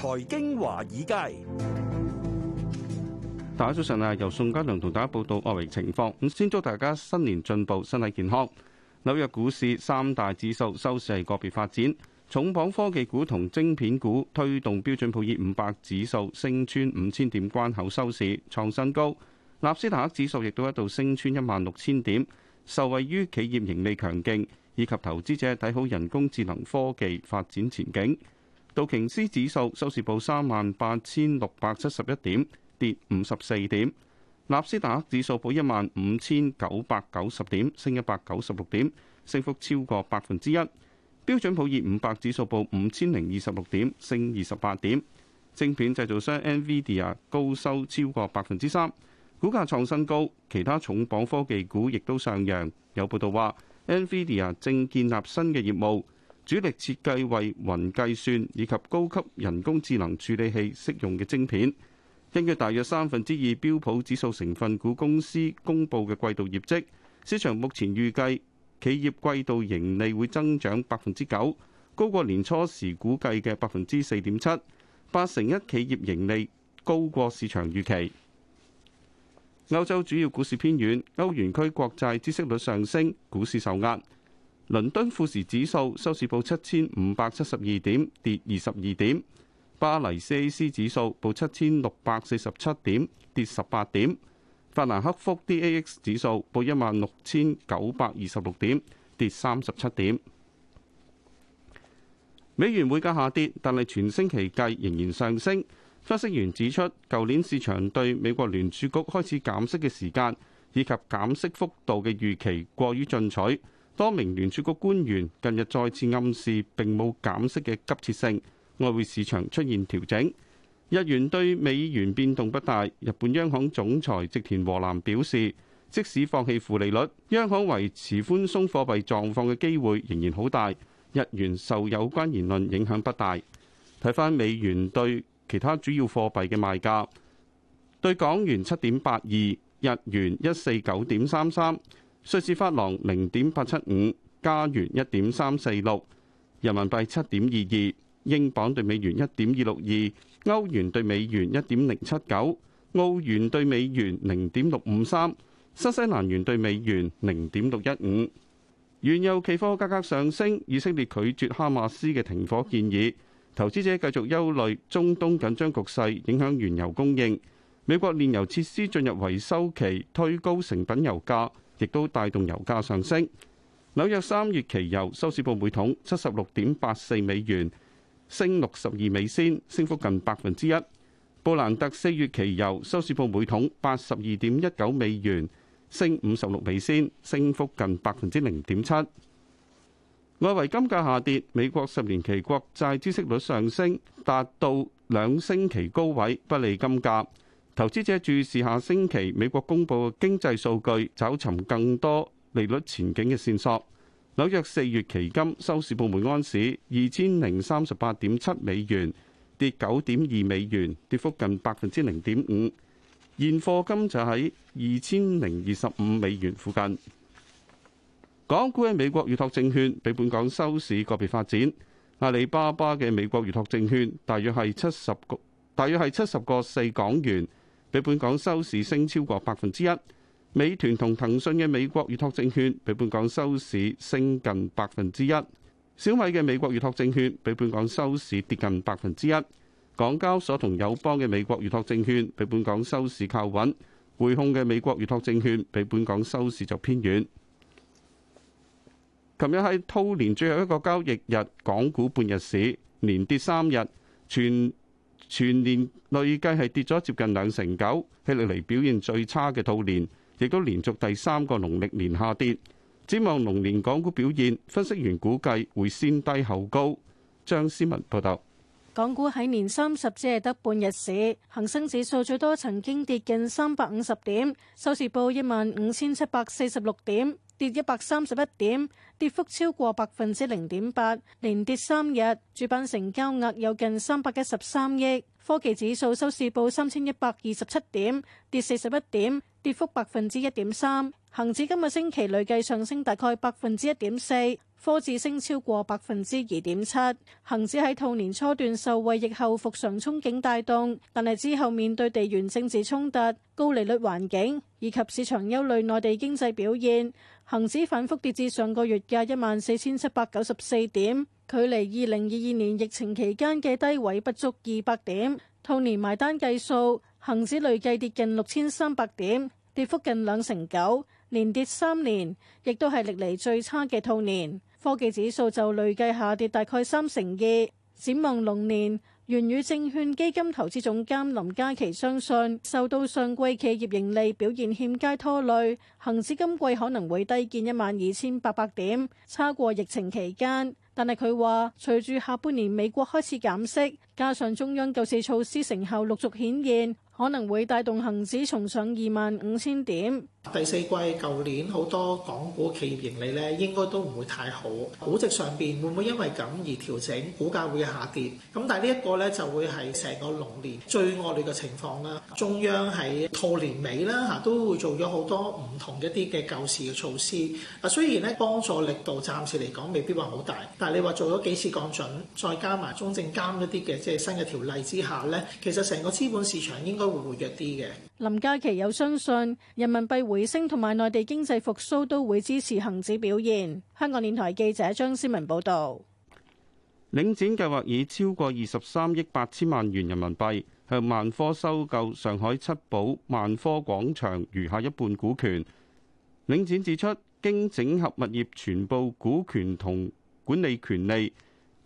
財經華爾街，大家早晨啊！由宋家良同大家報道外圍情況。咁先祝大家新年進步，身體健康。紐約股市三大指數收市係個別發展，重磅科技股同晶片股推動標準普爾五百指數升穿五千點關口收市創新高，納斯達克指數亦都一度升穿一萬六千點，受惠於企業盈利強勁以及投資者睇好人工智能科技發展前景。道瓊斯指數收市報三萬八千六百七十一點，跌五十四點。納斯達克指數報一萬五千九百九十點，升一百九十六點，升幅超過百分之一。標準普爾五百指數報五千零二十六點，升二十八點。晶片製造商 NVIDIA 高收超過百分之三，股價創新高。其他重磅科技股亦都上揚。有報道話，NVIDIA 正建立新嘅業務。主力設計為雲計算以及高級人工智能處理器適用嘅晶片，根據大約三分之二標普指數成分股公司公布嘅季度業績，市場目前預計企業季度盈利會增長百分之九，高過年初時估計嘅百分之四點七，八成一企業盈利高過市場預期。歐洲主要股市偏軟，歐元區國債孳息率上升，股市受壓。倫敦富時指數收市報七千五百七十二點，跌二十二點；巴黎 CAC 指數報七千六百四十七點，跌十八點；法蘭克福 DAX 指數報一萬六千九百二十六點，跌三十七點。美元匯價下跌，但係全星期計仍然上升。分析員指出，舊年市場對美國聯儲局開始減息嘅時間以及減息幅度嘅預期過於進取。多名聯儲局官員近日再次暗示並冇減息嘅急切性，外匯市場出現調整。日元對美元變動不大。日本央行總裁植田和男表示，即使放棄負利率，央行維持寬鬆貨幣狀況嘅機會仍然好大。日元受有關言論影響不大。睇翻美元對其他主要貨幣嘅賣價，對港元七點八二，日元一四九點三三。瑞士法郎零點八七五，加元一點三四六，人民幣七點二二，英鎊兌美元一點二六二，歐元兌美元一點零七九，澳元兌美元零點六五三，新西蘭元兌美元零點六一五。原油期貨價格上升，以色列拒絕哈馬斯嘅停火建議，投資者繼續憂慮中東緊張局勢影響原油供應。美國煉油設施進入維修期，推高成品油價。亦都帶動油價上升。紐約三月期油收市報每桶七十六點八四美元，升六十二美仙，升幅近百分之一。布蘭特四月期油收市報每桶八十二點一九美元，升五十六美仙，升幅近百分之零點七。外圍金價下跌，美國十年期國債孳息率上升，達到兩星期高位，不利金價。投資者注視下星期美國公佈嘅經濟數據，找尋更多利率前景嘅線索。紐約四月期金收市報每安市二千零三十八點七美元，跌九點二美元，跌幅近百分之零點五。現貨金就喺二千零二十五美元附近。港股嘅美國預託證券，比本港收市個別發展。阿里巴巴嘅美國預託證券，大約係七十個，大約係七十個四港元。比本港收市升超過百分之一，美團同騰訊嘅美國預託證券比本港收市升近百分之一，小米嘅美國預託證券比本港收市跌近百分之一，港交所同友邦嘅美國預託證券比本港收市靠穩，匯控嘅美國預託證券比本港收市就偏軟。琴日喺兔年最後一個交易日，港股半日市連跌三日，全。全年累計係跌咗接近兩成九，係歷嚟表現最差嘅兔年，亦都連續第三個農曆年下跌。展望龍年港股表現，分析員估計會先低後高。張思文報道，港股喺年三十只係得半日市，恒生指數最多曾經跌近三百五十點，收市報一萬五千七百四十六點。跌一百三十一點，跌幅超過百分之零點八，連跌三日。主板成交額有近三百一十三億。科技指數收市報三千一百二十七點，跌四十一點，跌幅百分之一點三。恒指今個星期累計上升大概百分之一點四，科指升超過百分之二點七。恒指喺兔年初段受惠疫後復常憧憬帶動，但係之後面對地緣政治衝突、高利率環境以及市場憂慮，內地經濟表現。恒指反覆跌至上個月嘅一萬四千七百九十四點，距離二零二二年疫情期間嘅低位不足二百點。兔年埋單計數，恒指累計跌近六千三百點，跌幅近兩成九，連跌三年，亦都係歷嚟最差嘅兔年。科技指數就累計下跌大概三成二。展望龍年。源宇證券基金投資總監林嘉琪相信，受到上季企業盈利表現欠佳拖累，恒指今季可能會低見一萬二千八百點，差過疫情期間。但係佢話，隨住下半年美國開始減息，加上中央救市措施成效陸續顯現。可能會帶動恆指重上二萬五千點。第四季舊年好多港股企業盈利咧，應該都唔會太好。估值上邊會唔會因為咁而調整，股價會下跌？咁但係呢一個咧就會係成個龍年最惡劣嘅情況啦。中央喺兔年尾啦嚇都會做咗好多唔同一啲嘅救市嘅措施。啊，雖然咧幫助力度暫時嚟講未必話好大，但係你話做咗幾次降準，再加埋中證監一啲嘅即係新嘅條例之下咧，其實成個資本市場應該。活林嘉琪有相信人民幣回升，同埋內地經濟復甦都會支持恒指表現。香港電台記者張思文報導，領展計劃以超過二十三億八千萬元人民幣向萬科收購上海七寶萬科廣場餘下一半股權。領展指出，經整合物業全部股權同管理權利，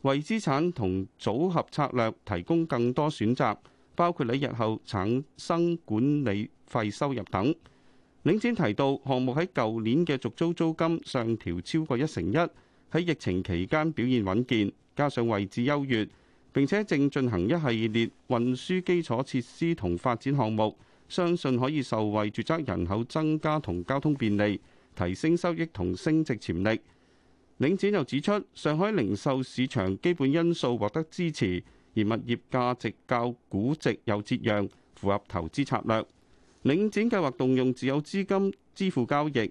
為資產同組合策略提供更多選擇。包括喺日後產生管理費收入等。領展提到，項目喺舊年嘅續租租金上調超過一成一，喺疫情期間表現穩健，加上位置優越，並且正進行一系列運輸基礎設施同發展項目，相信可以受惠住宅人口增加同交通便利，提升收益同升值潛力。領展又指出，上海零售市場基本因素獲得支持。而物業價值較估值有折讓，符合投資策略。領展計劃動用自有資金支付交易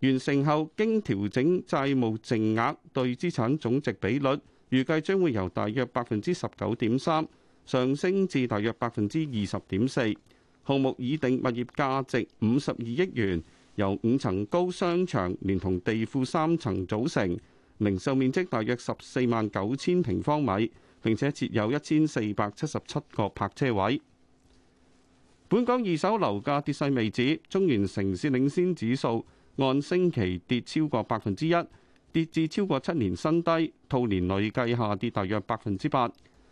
完成後，經調整債務淨額對資產總值比率，預計將會由大約百分之十九點三上升至大約百分之二十點四。項目已定物業價值五十二億元，由五層高商場連同地庫三層組成，零售面積大約十四萬九千平方米。並且設有一千四百七十七個泊車位。本港二手樓價跌勢未止，中原城市領先指數按星期跌超過百分之一，跌至超過七年新低，兔年累計下跌大約百分之八。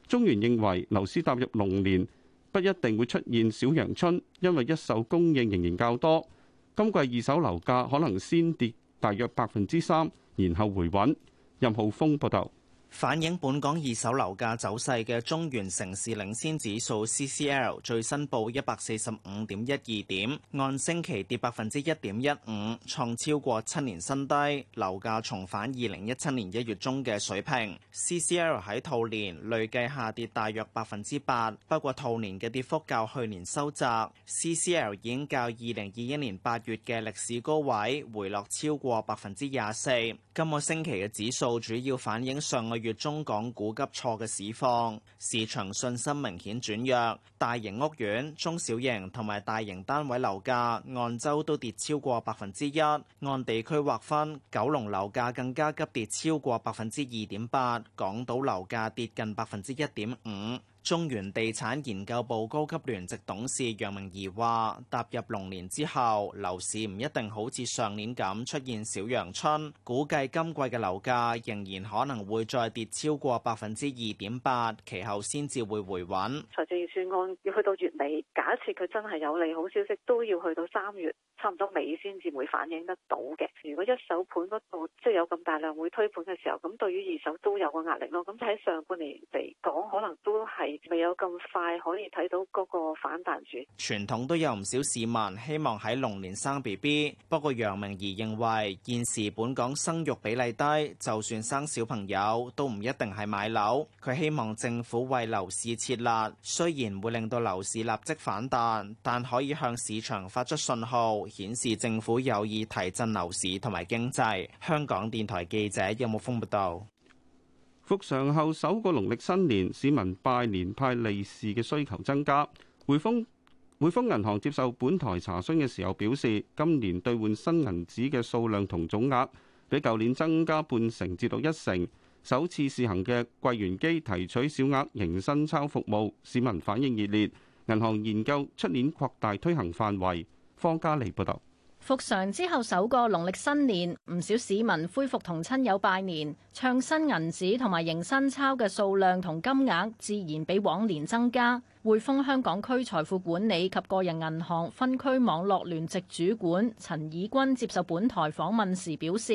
中原認為樓市踏入龍年，不一定會出現小陽春，因為一手供應仍然較多。今季二手樓價可能先跌大約百分之三，然後回穩。任浩峰報道。反映本港二手樓價走勢嘅中原城市領先指數 CCL 最新報一百四十五點一二點，按星期跌百分之一點一五，創超過七年新低，樓價重返二零一七年一月中嘅水平。CCL 喺兔年累計下跌大約百分之八，不過兔年嘅跌幅較去年收窄。CCL 已經較二零二一年八月嘅歷史高位回落超過百分之廿四，今個星期嘅指數主要反映上個月。月中港股急挫嘅市況，市場信心明顯轉弱。大型屋苑、中小型同埋大型單位樓價，按周都跌超過百分之一。按地區劃分，九龍樓價更加急跌超過百分之二點八，港島樓價跌近百分之一點五。中原地產研究部高級聯席董事楊明儀話，踏入龍年之後，樓市唔一定好似上年咁出現小陽春，估計今季嘅樓價仍然可能會再跌超過百分之二點八，其後先至會回穩。財政預算案要去到月尾，假設佢真係有利好消息，都要去到三月。差唔多尾先至會反映得到嘅。如果一手盤嗰度即係有咁大量會推盤嘅時候，咁對於二手都有個壓力咯。咁喺上半年嚟講，可能都係未有咁快可以睇到嗰個反彈住。傳統都有唔少市民希望喺龍年生 BB，不過楊明儀認為現時本港生育比例低，就算生小朋友都唔一定係買樓。佢希望政府為樓市設立，雖然會令到樓市立即反彈，但可以向市場發出信號。顯示政府有意提振樓市同埋經濟。香港電台記者邱木峯報道，復常後首個農曆新年，市民拜年派利是嘅需求增加。匯豐匯豐銀行接受本台查詢嘅時候表示，今年兌換新銀紙嘅數量同總額比舊年增加半成至到一成。首次試行嘅櫃員機提取小額迎新鈔服務，市民反應熱烈。銀行研究出年擴大推行範圍。方家莉報道，復常之後首個農曆新年，唔少市民恢復同親友拜年，唱新銀紙同埋迎新鈔嘅數量同金額自然比往年增加。匯豐香港區財富管理及個人銀行分區網絡聯席主管陳以軍接受本台訪問時表示，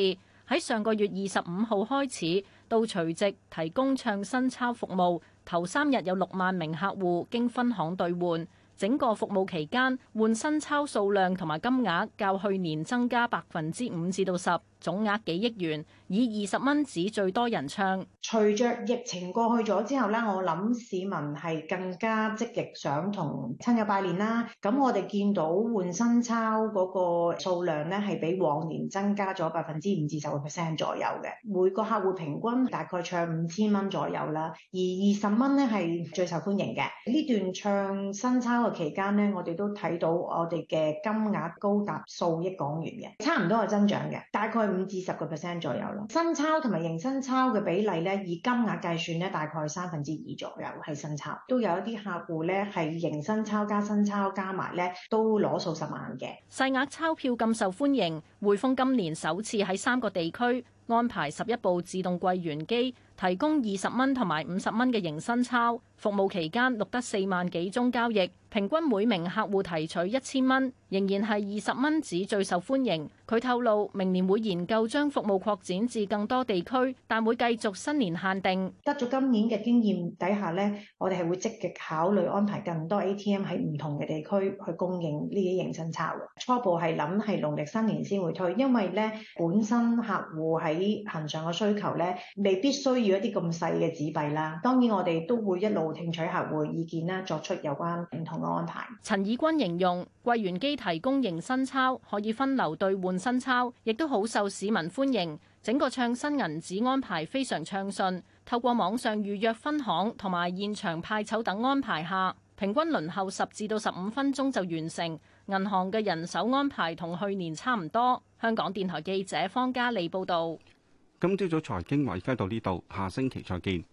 喺上個月二十五號開始到除夕提供唱新鈔服務，頭三日有六萬名客戶經分行兌換。整個服務期間換新鈔數量同埋金額較去年增加百分之五至到十。總額幾億元，以二十蚊紙最多人唱。隨着疫情過去咗之後咧，我諗市民係更加積極想同親友拜年啦。咁我哋見到換新鈔嗰個數量咧，係比往年增加咗百分之五至十個 percent 左右嘅。每個客戶平均大概唱五千蚊左右啦。而二十蚊咧係最受歡迎嘅。呢段唱新鈔嘅期間咧，我哋都睇到我哋嘅金額高達數億港元嘅，差唔多係增長嘅，大概。五至十個 percent 左右咯，新鈔同埋迎新鈔嘅比例咧，以金額計算咧，大概三分之二左右係新鈔，都有一啲客戶咧係迎新鈔加新鈔加埋咧，都攞數十萬嘅細額鈔票咁受歡迎，匯豐今年首次喺三個地區安排十一部自動櫃員機，提供二十蚊同埋五十蚊嘅迎新鈔服務，期間錄得四萬幾宗交易，平均每名客戶提取一千蚊。仍然係二十蚊紙最受歡迎。佢透露明年會研究將服務擴展至更多地區，但會繼續新年限定。得咗今年嘅經驗底下呢，我哋係會積極考慮安排更多 ATM 喺唔同嘅地區去供應呢幾型新鈔。初步係諗係農曆新年先會推，因為咧本身客戶喺行上嘅需求咧未必需要一啲咁細嘅紙幣啦。當然我哋都會一路聽取客戶意見啦，作出有關唔同嘅安排。陳以軍形容櫃員機。提供迎新鈔可以分流兌換新鈔，亦都好受市民歡迎。整個唱新銀紙安排非常暢順，透過網上預約分行同埋現場派籌等安排下，平均輪候十至到十五分鐘就完成。銀行嘅人手安排同去年差唔多。香港電台記者方嘉莉報道。今朝早財經華爾街到呢度，下星期再見。